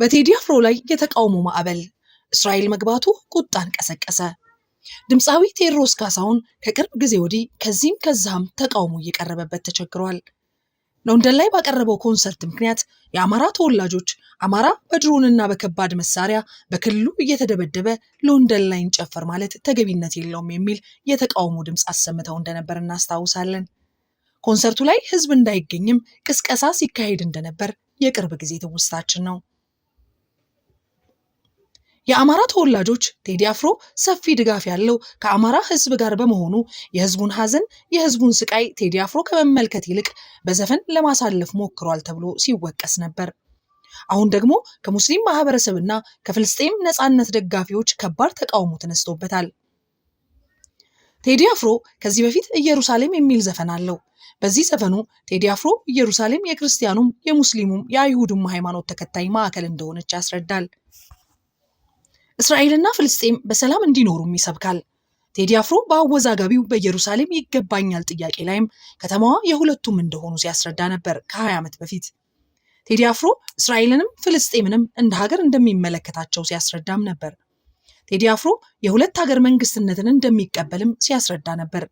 በቴዲ አፍሮ ላይ የተቃውሞ ማዕበል እስራኤል መግባቱ ቁጣን ቀሰቀሰ። ድምፃዊ ቴድሮስ ካሳሁን ከቅርብ ጊዜ ወዲህ ከዚህም ከዛም ተቃውሞ እየቀረበበት ተቸግሯል። ለንደን ላይ ባቀረበው ኮንሰርት ምክንያት የአማራ ተወላጆች አማራ በድሮንና በከባድ መሳሪያ በክልሉ እየተደበደበ ለንደን ላይ እንጨፈር ማለት ተገቢነት የለውም የሚል የተቃውሞ ድምፅ አሰምተው እንደነበር እናስታውሳለን። ኮንሰርቱ ላይ ህዝብ እንዳይገኝም ቅስቀሳ ሲካሄድ እንደነበር የቅርብ ጊዜ ትውስታችን ነው። የአማራ ተወላጆች ቴዲ አፍሮ ሰፊ ድጋፍ ያለው ከአማራ ህዝብ ጋር በመሆኑ የህዝቡን ሀዘን የህዝቡን ስቃይ ቴዲ አፍሮ ከመመልከት ይልቅ በዘፈን ለማሳለፍ ሞክሯል ተብሎ ሲወቀስ ነበር። አሁን ደግሞ ከሙስሊም ማህበረሰብና ከፍልስጤም ነፃነት ደጋፊዎች ከባድ ተቃውሞ ተነስቶበታል። ቴዲ አፍሮ ከዚህ በፊት ኢየሩሳሌም የሚል ዘፈን አለው። በዚህ ዘፈኑ ቴዲ አፍሮ ኢየሩሳሌም የክርስቲያኑም፣ የሙስሊሙም፣ የአይሁድም ሃይማኖት ተከታይ ማዕከል እንደሆነች ያስረዳል። እስራኤልና ፍልስጤም በሰላም እንዲኖሩም ይሰብካል። ቴዲ አፍሮ በአወዛጋቢው በኢየሩሳሌም ይገባኛል ጥያቄ ላይም ከተማዋ የሁለቱም እንደሆኑ ሲያስረዳ ነበር ከ20 ዓመት በፊት። ቴዲ አፍሮ እስራኤልንም ፍልስጤምንም እንደ ሀገር እንደሚመለከታቸው ሲያስረዳም ነበር። ቴዲ አፍሮ የሁለት ሀገር መንግስትነትን እንደሚቀበልም ሲያስረዳ ነበር።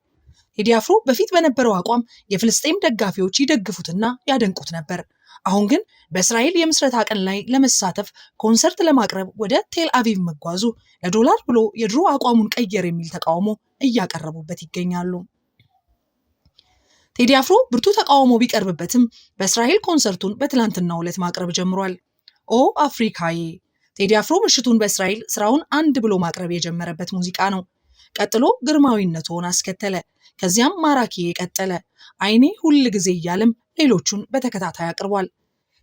ቴዲ አፍሮ በፊት በነበረው አቋም የፍልስጤም ደጋፊዎች ይደግፉትና ያደንቁት ነበር። አሁን ግን በእስራኤል የምስረታ ቀን ላይ ለመሳተፍ ኮንሰርት ለማቅረብ ወደ ቴል አቪቭ መጓዙ ለዶላር ብሎ የድሮ አቋሙን ቀየር የሚል ተቃውሞ እያቀረቡበት ይገኛሉ። ቴዲ አፍሮ ብርቱ ተቃውሞ ቢቀርብበትም በእስራኤል ኮንሰርቱን በትላንትናው ዕለት ማቅረብ ጀምሯል። ኦ አፍሪካዬ ቴዲ አፍሮ ምሽቱን በእስራኤል ስራውን አንድ ብሎ ማቅረብ የጀመረበት ሙዚቃ ነው። ቀጥሎ ግርማዊነቱን አስከተለ። ከዚያም ማራኪዬ ቀጠለ። አይኔ ሁል ጊዜ እያለም ሌሎቹን በተከታታይ አቅርቧል።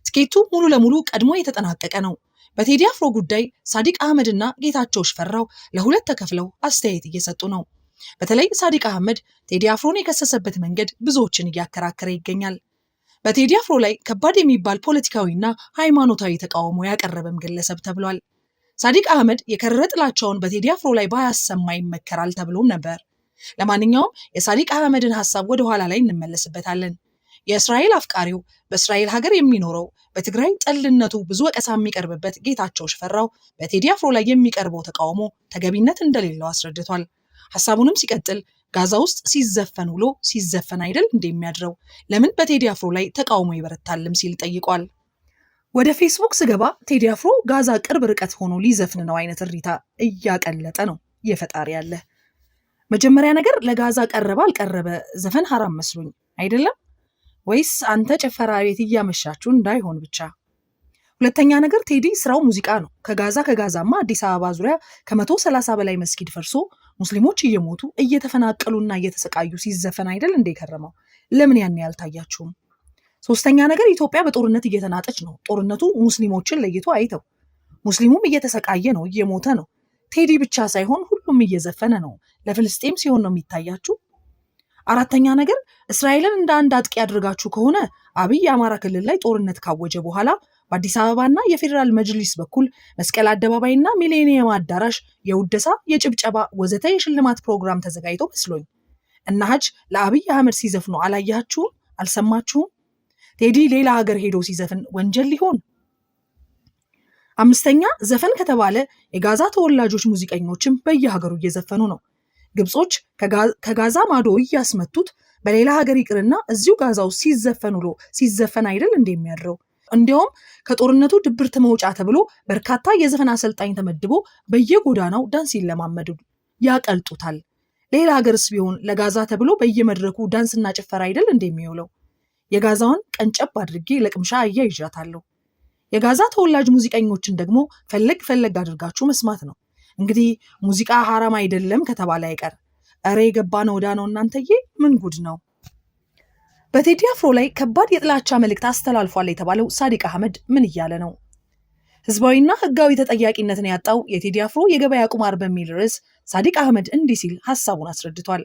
ትኬቱ ሙሉ ለሙሉ ቀድሞ የተጠናቀቀ ነው። በቴዲ አፍሮ ጉዳይ ሳዲቅ አህመድ እና ጌታቸው ሽፈራው ለሁለት ተከፍለው አስተያየት እየሰጡ ነው። በተለይ ሳዲቅ አህመድ ቴዲ አፍሮን የከሰሰበት መንገድ ብዙዎችን እያከራከረ ይገኛል። በቴዲ አፍሮ ላይ ከባድ የሚባል ፖለቲካዊና ሃይማኖታዊ ተቃውሞ ያቀረበም ግለሰብ ተብሏል። ሳዲቅ አህመድ የከረረ ጥላቻውን በቴዲ አፍሮ ላይ ባያሰማ ይመከራል ተብሎም ነበር። ለማንኛውም የሳዲቅ አህመድን ሀሳብ ወደ ኋላ ላይ እንመለስበታለን። የእስራኤል አፍቃሪው በእስራኤል ሀገር የሚኖረው በትግራይ ጠልነቱ ብዙ ወቀሳ የሚቀርብበት ጌታቸው ሽፈራው በቴዲ አፍሮ ላይ የሚቀርበው ተቃውሞ ተገቢነት እንደሌለው አስረድቷል። ሀሳቡንም ሲቀጥል ጋዛ ውስጥ ሲዘፈን ውሎ ሲዘፈን አይደል እንደሚያድረው ለምን በቴዲ አፍሮ ላይ ተቃውሞ ይበረታልም ሲል ጠይቋል። ወደ ፌስቡክ ስገባ ቴዲ አፍሮ ጋዛ ቅርብ ርቀት ሆኖ ሊዘፍን ነው አይነት እሪታ እያቀለጠ ነው። የፈጣሪ ያለ መጀመሪያ ነገር ለጋዛ ቀረበ አልቀረበ ዘፈን ሀራም መስሎኝ አይደለም ወይስ አንተ ጭፈራ ቤት እያመሻችሁ እንዳይሆን ብቻ። ሁለተኛ ነገር ቴዲ ስራው ሙዚቃ ነው። ከጋዛ ከጋዛማ አዲስ አበባ ዙሪያ ከመቶ ሰላሳ በላይ መስጊድ ፈርሶ ሙስሊሞች እየሞቱ እየተፈናቀሉና እየተሰቃዩ ሲዘፈን አይደል እንደ ከረመው? ለምን ያን ያልታያችሁም? ሶስተኛ ነገር ኢትዮጵያ በጦርነት እየተናጠች ነው። ጦርነቱ ሙስሊሞችን ለይቶ አይተው፣ ሙስሊሙም እየተሰቃየ ነው፣ እየሞተ ነው። ቴዲ ብቻ ሳይሆን ሁሉም እየዘፈነ ነው። ለፍልስጤም ሲሆን ነው የሚታያችሁ? አራተኛ ነገር እስራኤልን እንደ አንድ አጥቂ ያደርጋችሁ ከሆነ አብይ የአማራ ክልል ላይ ጦርነት ካወጀ በኋላ በአዲስ አበባና የፌዴራል መጅሊስ በኩል መስቀል አደባባይና ሚሌኒየም አዳራሽ የውደሳ የጭብጨባ ወዘተ የሽልማት ፕሮግራም ተዘጋጅቶ መስሎኝ እና ሀጅ ለአብይ አህመድ ሲዘፍኑ አላያችሁም? አልሰማችሁም? ቴዲ ሌላ ሀገር ሄዶ ሲዘፍን ወንጀል ሊሆን አምስተኛ ዘፈን ከተባለ የጋዛ ተወላጆች ሙዚቀኞችም በየሀገሩ እየዘፈኑ ነው። ግብጾች ከጋዛ ማዶ እያስመቱት በሌላ ሀገር ይቅርና እዚሁ ጋዛ ሲዘፈን ውሎ ሲዘፈን አይደል እንደሚያድረው። እንዲያውም ከጦርነቱ ድብርት መውጫ ተብሎ በርካታ የዘፈን አሰልጣኝ ተመድቦ በየጎዳናው ዳንስ ይለማመዱ ያቀልጡታል። ሌላ ሀገርስ ቢሆን ለጋዛ ተብሎ በየመድረኩ ዳንስና ጭፈራ አይደል እንደሚውለው። የጋዛውን ቀንጨብ አድርጌ ለቅምሻ አያይዣታለሁ። የጋዛ ተወላጅ ሙዚቀኞችን ደግሞ ፈለግ ፈለግ አድርጋችሁ መስማት ነው። እንግዲህ ሙዚቃ ሀራም አይደለም ከተባለ አይቀር እረ የገባ ነው ወዳ ነው እናንተዬ፣ ምን ጉድ ነው! በቴዲ አፍሮ ላይ ከባድ የጥላቻ መልእክት አስተላልፏል የተባለው ሳዲቅ አህመድ ምን እያለ ነው? ህዝባዊና ህጋዊ ተጠያቂነትን ያጣው የቴዲ አፍሮ የገበያ ቁማር በሚል ርዕስ ሳዲቅ አህመድ እንዲህ ሲል ሀሳቡን አስረድቷል።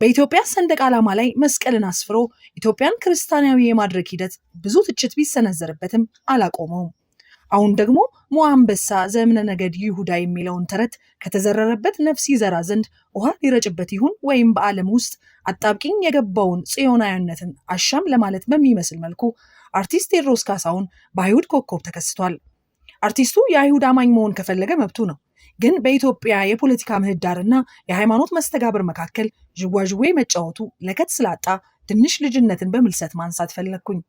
በኢትዮጵያ ሰንደቅ ዓላማ ላይ መስቀልን አስፍሮ ኢትዮጵያን ክርስቲያናዊ የማድረግ ሂደት ብዙ ትችት ቢሰነዘርበትም አላቆመውም። አሁን ደግሞ ሞአንበሳ ዘምነ ነገድ ይሁዳ የሚለውን ተረት ከተዘረረበት ነፍስ ይዘራ ዘንድ ውሃ ሊረጭበት ይሁን ወይም በዓለም ውስጥ አጣብቂኝ የገባውን ጽዮናዊነትን አሻም ለማለት በሚመስል መልኩ አርቲስት ቴድሮስ ካሳሁን በአይሁድ ኮከብ ተከስቷል። አርቲስቱ የአይሁድ አማኝ መሆን ከፈለገ መብቱ ነው። ግን በኢትዮጵያ የፖለቲካ ምህዳርና የሃይማኖት መስተጋብር መካከል ዥዋዥዌ መጫወቱ ለከት ስላጣ ትንሽ ልጅነትን በምልሰት ማንሳት ፈለግኩኝ።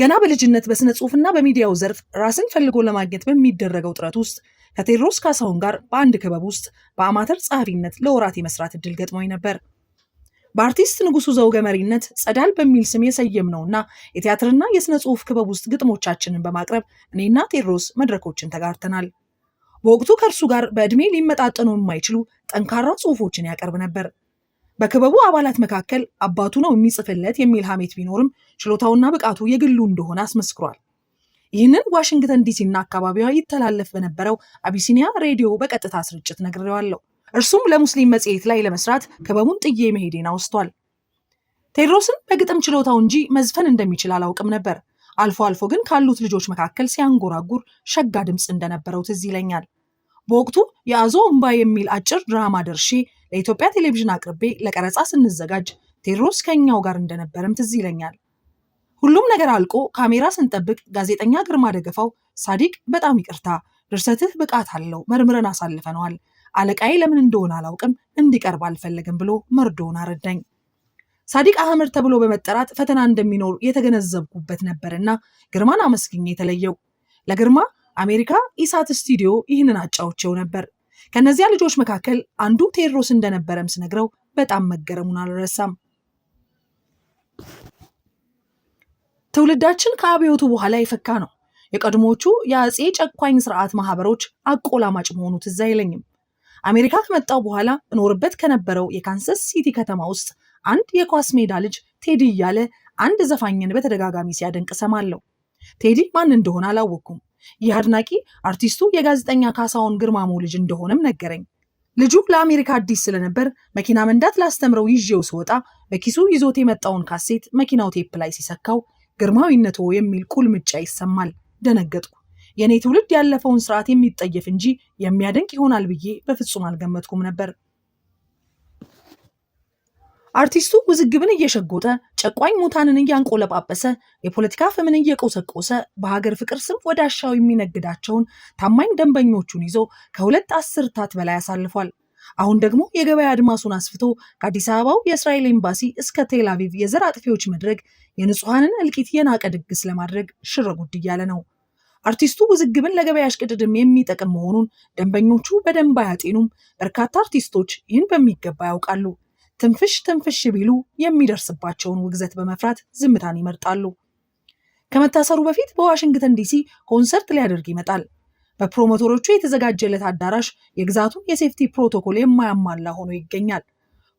ገና በልጅነት በሥነ ጽሑፍና በሚዲያው ዘርፍ ራስን ፈልጎ ለማግኘት በሚደረገው ጥረት ውስጥ ከቴዎድሮስ ካሳሁን ጋር በአንድ ክበብ ውስጥ በአማተር ጸሐፊነት ለወራት የመስራት እድል ገጥሞኝ ነበር። በአርቲስት ንጉሱ ዘውገ መሪነት ጸዳል በሚል ስም የሰየም ነውና የቲያትርና የሥነ ጽሑፍ ክበብ ውስጥ ግጥሞቻችንን በማቅረብ እኔና ቴዎድሮስ መድረኮችን ተጋርተናል። በወቅቱ ከእርሱ ጋር በዕድሜ ሊመጣጠኑ የማይችሉ ጠንካራ ጽሑፎችን ያቀርብ ነበር። በክበቡ አባላት መካከል አባቱ ነው የሚጽፍለት የሚል ሐሜት ቢኖርም ችሎታውና ብቃቱ የግሉ እንደሆነ አስመስክሯል። ይህንን ዋሽንግተን ዲሲና አካባቢዋ ይተላለፍ በነበረው አቢሲኒያ ሬዲዮ በቀጥታ ስርጭት ነግሬዋለሁ። እርሱም ለሙስሊም መጽሔት ላይ ለመስራት ክበቡን ጥዬ መሄዴን አውስቷል። ቴድሮስን በግጥም ችሎታው እንጂ መዝፈን እንደሚችል አላውቅም ነበር። አልፎ አልፎ ግን ካሉት ልጆች መካከል ሲያንጎራጉር ሸጋ ድምፅ እንደነበረው ትዝ ይለኛል። በወቅቱ የአዞ እምባ የሚል አጭር ድራማ ደርሼ ለኢትዮጵያ ቴሌቪዥን አቅርቤ ለቀረጻ ስንዘጋጅ ቴድሮስ ከኛው ጋር እንደነበረም ትዝ ይለኛል። ሁሉም ነገር አልቆ ካሜራ ስንጠብቅ ጋዜጠኛ ግርማ ደገፋው ሳዲቅ፣ በጣም ይቅርታ ድርሰትህ ብቃት አለው፣ መርምረን አሳልፈነዋል። አለቃዬ ለምን እንደሆነ አላውቅም እንዲቀርብ አልፈለግም ብሎ መርዶውን አረዳኝ። ሳዲቅ አህመድ ተብሎ በመጠራት ፈተና እንደሚኖር የተገነዘብኩበት ነበርና ግርማን አመስግኜ የተለየው። ለግርማ አሜሪካ ኢሳት ስቱዲዮ ይህንን አጫውቼው ነበር። ከእነዚያ ልጆች መካከል አንዱ ቴዎድሮስ እንደነበረም ስነግረው በጣም መገረሙን አልረሳም። ትውልዳችን ከአብዮቱ በኋላ የፈካ ነው። የቀድሞቹ የአጼ ጨኳኝ ስርዓት ማህበሮች አቆላማጭ መሆኑ ትዝ አይለኝም። አሜሪካ ከመጣው በኋላ እኖርበት ከነበረው የካንሰስ ሲቲ ከተማ ውስጥ አንድ የኳስ ሜዳ ልጅ ቴዲ እያለ አንድ ዘፋኝን በተደጋጋሚ ሲያደንቅ ሰማለሁ። ቴዲ ማን እንደሆነ አላወቅኩም። ይህ አድናቂ አርቲስቱ የጋዜጠኛ ካሳሁን ግርማሞ ልጅ እንደሆነም ነገረኝ። ልጁ ለአሜሪካ አዲስ ስለነበር መኪና መንዳት ላስተምረው ይዤው ስወጣ በኪሱ ይዞት የመጣውን ካሴት መኪናው ቴፕ ላይ ሲሰካው ግርማዊነቶ የሚል ቁልምጫ ይሰማል። ደነገጥኩ። የእኔ ትውልድ ያለፈውን ስርዓት የሚጠየፍ እንጂ የሚያደንቅ ይሆናል ብዬ በፍጹም አልገመትኩም ነበር። አርቲስቱ ውዝግብን እየሸጎጠ ጨቋኝ ሙታንን እያንቆለጳጰሰ የፖለቲካ ፍምን እየቆሰቆሰ በሀገር ፍቅር ስም ወደ አሻው የሚነግዳቸውን ታማኝ ደንበኞቹን ይዞ ከሁለት አስርታት በላይ አሳልፏል። አሁን ደግሞ የገበያ አድማሱን አስፍቶ ከአዲስ አበባው የእስራኤል ኤምባሲ እስከ ቴል አቪቭ የዘር አጥፊዎች መድረክ የንጹሐንን እልቂት የናቀ ድግስ ለማድረግ ሽረጉድ እያለ ነው። አርቲስቱ ውዝግብን ለገበያ እሽቅድድም የሚጠቅም መሆኑን ደንበኞቹ በደንብ አያጤኑም። በርካታ አርቲስቶች ይህን በሚገባ ያውቃሉ። ትንፍሽ ትንፍሽ ቢሉ የሚደርስባቸውን ውግዘት በመፍራት ዝምታን ይመርጣሉ። ከመታሰሩ በፊት በዋሽንግተን ዲሲ ኮንሰርት ሊያደርግ ይመጣል። በፕሮሞተሮቹ የተዘጋጀለት አዳራሽ የግዛቱን የሴፍቲ ፕሮቶኮል የማያሟላ ሆኖ ይገኛል።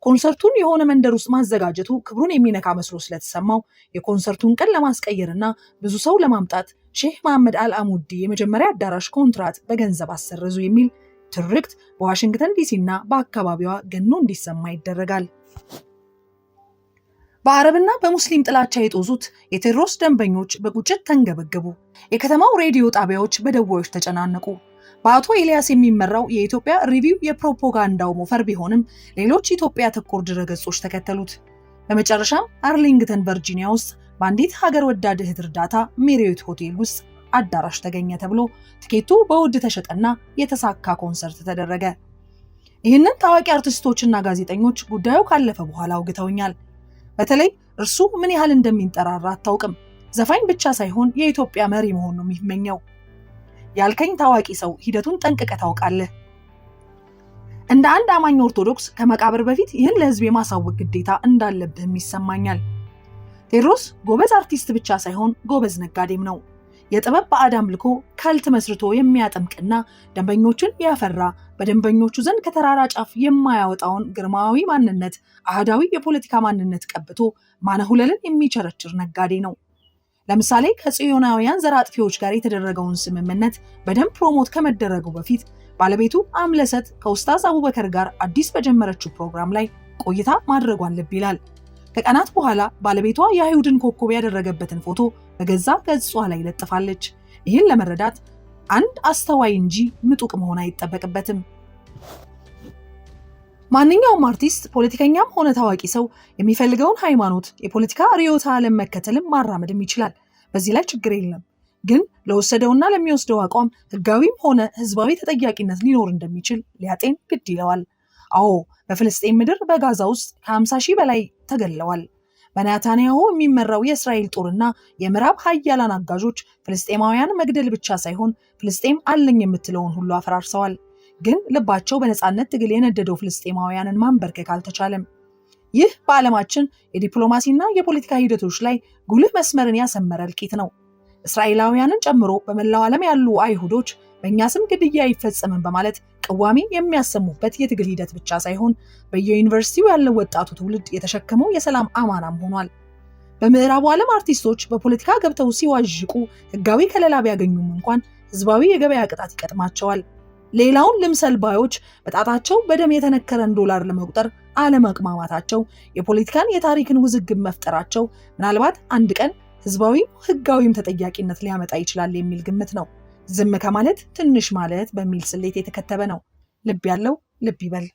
ኮንሰርቱን የሆነ መንደር ውስጥ ማዘጋጀቱ ክብሩን የሚነካ መስሎ ስለተሰማው የኮንሰርቱን ቀን ለማስቀየርና ብዙ ሰው ለማምጣት ሼህ መሐመድ አልአሙዲ የመጀመሪያ አዳራሽ ኮንትራት በገንዘብ አሰረዙ የሚል ትርክት በዋሽንግተን ዲሲ እና በአካባቢዋ ገኖ እንዲሰማ ይደረጋል። በአረብና በሙስሊም ጥላቻ የጦዙት የቴዎድሮስ ደንበኞች በቁጭት ተንገበገቡ። የከተማው ሬዲዮ ጣቢያዎች በደዋዮች ተጨናነቁ። በአቶ ኤልያስ የሚመራው የኢትዮጵያ ሪቪው የፕሮፓጋንዳው ሞፈር ቢሆንም ሌሎች ኢትዮጵያ ተኮር ድረገጾች ተከተሉት። በመጨረሻም አርሊንግተን ቨርጂኒያ ውስጥ በአንዲት ሀገር ወዳድ እህት እርዳታ ሜሪዮት ሆቴል ውስጥ አዳራሽ ተገኘ ተብሎ ትኬቱ በውድ ተሸጠና የተሳካ ኮንሰርት ተደረገ። ይህንን ታዋቂ አርቲስቶችና ጋዜጠኞች ጉዳዩ ካለፈ በኋላ አውግተውኛል። በተለይ እርሱ ምን ያህል እንደሚንጠራራ አታውቅም። ዘፋኝ ብቻ ሳይሆን የኢትዮጵያ መሪ መሆን ነው የሚመኘው። ያልከኝ ታዋቂ ሰው ሂደቱን ጠንቅቀ ታውቃለህ። እንደ አንድ አማኝ ኦርቶዶክስ ከመቃብር በፊት ይህን ለህዝብ የማሳወቅ ግዴታ እንዳለብህም ይሰማኛል። ቴድሮስ ጎበዝ አርቲስት ብቻ ሳይሆን ጎበዝ ነጋዴም ነው። የጥበብ ባዕድ አምልኮ ካልት መስርቶ የሚያጠምቅና ደንበኞቹን ያፈራ በደንበኞቹ ዘንድ ከተራራ ጫፍ የማያወጣውን ግርማዊ ማንነት አህዳዊ የፖለቲካ ማንነት ቀብቶ ማነሁለልን የሚቸረችር ነጋዴ ነው። ለምሳሌ ከጽዮናውያን ዘር አጥፊዎች ጋር የተደረገውን ስምምነት በደንብ ፕሮሞት ከመደረጉ በፊት ባለቤቱ አምለሰት ከኡስታዝ አቡበከር ጋር አዲስ በጀመረችው ፕሮግራም ላይ ቆይታ ማድረጓን ልብ ይላል። ከቀናት በኋላ ባለቤቷ የአይሁድን ኮከብ ያደረገበትን ፎቶ በገዛ ገጿ ላይ ለጥፋለች። ይህን ለመረዳት አንድ አስተዋይ እንጂ ምጡቅ መሆን አይጠበቅበትም። ማንኛውም አርቲስት ፖለቲከኛም ሆነ ታዋቂ ሰው የሚፈልገውን ሃይማኖት፣ የፖለቲካ ርዕዮተ ዓለም መከተልም ማራመድም ይችላል። በዚህ ላይ ችግር የለም። ግን ለወሰደውና ለሚወስደው አቋም ህጋዊም ሆነ ህዝባዊ ተጠያቂነት ሊኖር እንደሚችል ሊያጤን ግድ ይለዋል። አዎ በፍልስጤን ምድር በጋዛ ውስጥ ከ50 ሺህ በላይ ተገለዋል። በናታንያሁ የሚመራው የእስራኤል ጦርና የምዕራብ ሀያላን አጋዦች ፍልስጤማውያን መግደል ብቻ ሳይሆን ፍልስጤም አለኝ የምትለውን ሁሉ አፈራርሰዋል። ግን ልባቸው በነፃነት ትግል የነደደው ፍልስጤማውያንን ማንበርከክ አልተቻለም። ይህ በዓለማችን የዲፕሎማሲና የፖለቲካ ሂደቶች ላይ ጉልህ መስመርን ያሰመረ እልቂት ነው። እስራኤላውያንን ጨምሮ በመላው ዓለም ያሉ አይሁዶች በእኛ ስም ግድያ አይፈጸምም በማለት ቅዋሜ የሚያሰሙበት የትግል ሂደት ብቻ ሳይሆን በየዩኒቨርሲቲው ያለው ወጣቱ ትውልድ የተሸከመው የሰላም አማናም ሆኗል። በምዕራቡ ዓለም አርቲስቶች በፖለቲካ ገብተው ሲዋዥቁ ህጋዊ ከለላ ቢያገኙም እንኳን ህዝባዊ የገበያ ቅጣት ይቀጥማቸዋል። ሌላውን ልምሰል ባዮች በጣታቸው በደም የተነከረን ዶላር ለመቁጠር አለመቅማማታቸው፣ የፖለቲካን የታሪክን ውዝግብ መፍጠራቸው ምናልባት አንድ ቀን ህዝባዊም ህጋዊም ተጠያቂነት ሊያመጣ ይችላል የሚል ግምት ነው። ዝም ከማለት ትንሽ ማለት በሚል ስሌት የተከተበ ነው። ልብ ያለው ልብ ይበል።